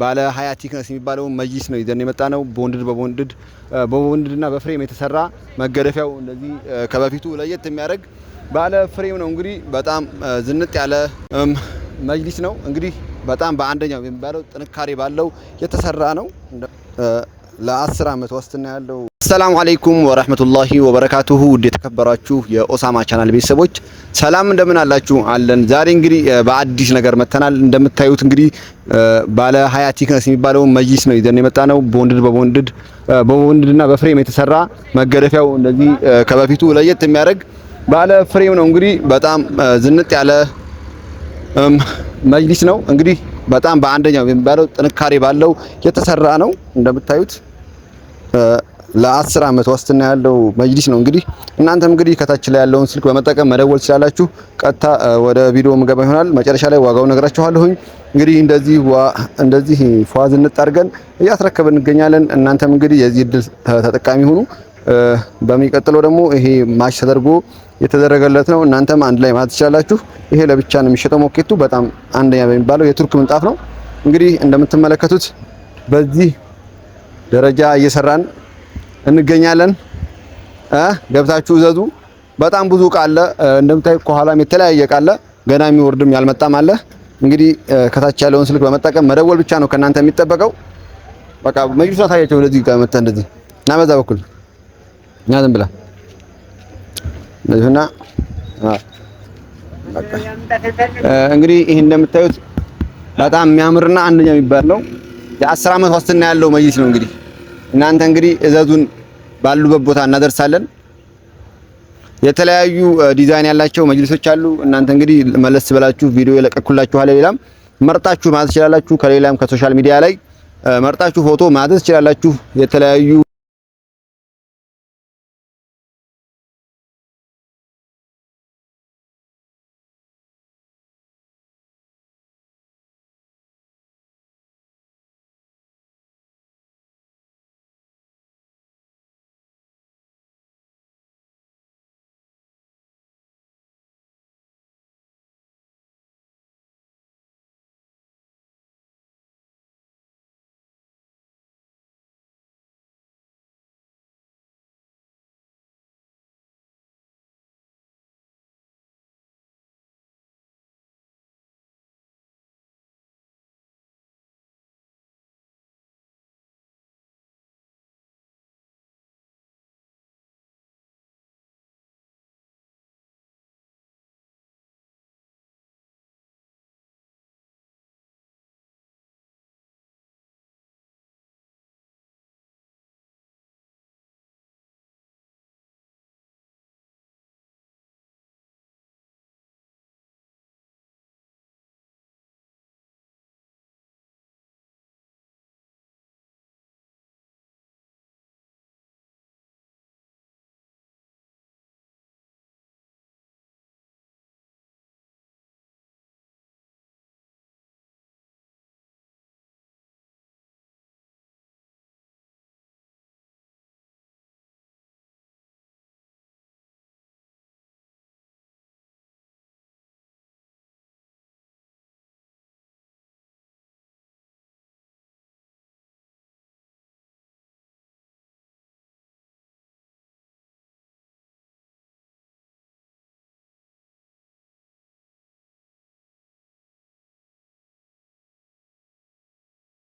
ባለ ሀያ ቲክነስ የሚባለው መጅሊስ ነው ይዘን የመጣ ነው። ቦንድድ በቦንድድ በቦንድድና በፍሬም የተሰራ መገደፊያው እንደዚህ ከበፊቱ ለየት የሚያደርግ ባለ ፍሬም ነው። እንግዲህ በጣም ዝንጥ ያለ መጅሊስ ነው። እንግዲህ በጣም በአንደኛው የሚባለው ጥንካሬ ባለው የተሰራ ነው። ለአስር ዓመት ዋስትና ያለው። አሰላሙ አለይኩም ወራህመቱላሂ ወበረካቱሁ። ውድ የተከበራችሁ የኦሳማ ቻናል ቤተሰቦች ሰላም እንደምን አላችሁ? አለን። ዛሬ እንግዲህ በአዲስ ነገር መተናል። እንደምታዩት እንግዲህ ባለ ሀያ ቲክነስ የሚባለው መጅሊስ ነው ይዘን የመጣ ነው። ቦንድድ በቦንድድ በቦንድድና በፍሬም የተሰራ መገደፊያው እንደዚህ ከበፊቱ ለየት የሚያደርግ ባለ ፍሬም ነው። እንግዲህ በጣም ዝንጥ ያለ መጅሊስ ነው እንግዲህ በጣም በአንደኛው የሚባለው ጥንካሬ ባለው የተሰራ ነው። እንደምታዩት ለአስር አመት ዋስትና ያለው መጅሊስ ነው። እንግዲህ እናንተም እንግዲህ ከታች ላይ ያለውን ስልክ በመጠቀም መደወል ትችላላችሁ። ቀጥታ ወደ ቪዲዮ ምገባ ይሆናል። መጨረሻ ላይ ዋጋው ነግራችኋለሁኝ። እንግዲህ እንደዚህ እንደዚህ ፏዝ እንጣርገን እያስረከብን እንገኛለን። እናንተም እንግዲህ የዚህ እድል ተጠቃሚ ሁኑ። በሚቀጥለው ደግሞ ይሄ ማች ተደርጎ የተደረገለት ነው። እናንተም አንድ ላይ ማለት ትችላላችሁ። ይሄ ለብቻ ነው የሚሸጠው። ሞኬቱ በጣም አንደኛ በሚባለው የቱርክ ምንጣፍ ነው። እንግዲህ እንደምትመለከቱት በዚህ ደረጃ እየሰራን እንገኛለን። ገብታችሁ እዘዙ። በጣም ብዙ እቃ አለ እንደምታይ፣ ከኋላም የተለያየ እቃ አለ። ገና የሚወርድም ያልመጣም አለ። እንግዲህ ከታች ያለውን ስልክ በመጠቀም መደወል ብቻ ነው ከእናንተ የሚጠበቀው። በቃ መጅሱ ታያቸው። ወደዚህ ጋር መጣ እንደዚህ እና በዛ በኩል እና ዝም ብላ እንግዲህ ይሄ እንደምታዩት በጣም የሚያምርና አንደኛ የሚባል ነው። የአስር ዓመት ዋስትና ያለው መጅሊስ ነው። እንግዲህ እናንተ እንግዲህ እዘዙን ባሉበት ቦታ እናደርሳለን። የተለያዩ ዲዛይን ያላቸው መጅሊሶች አሉ። እናንተ እንግዲህ መለስ ብላችሁ ቪዲዮ የለቀኩላችኋል። ሌላም መርጣችሁ ማዘዝ ትችላላችሁ። ከሌላም ከሶሻል ሚዲያ ላይ መርጣችሁ ፎቶ ማዘዝ ትችላላችሁ። የተለያዩ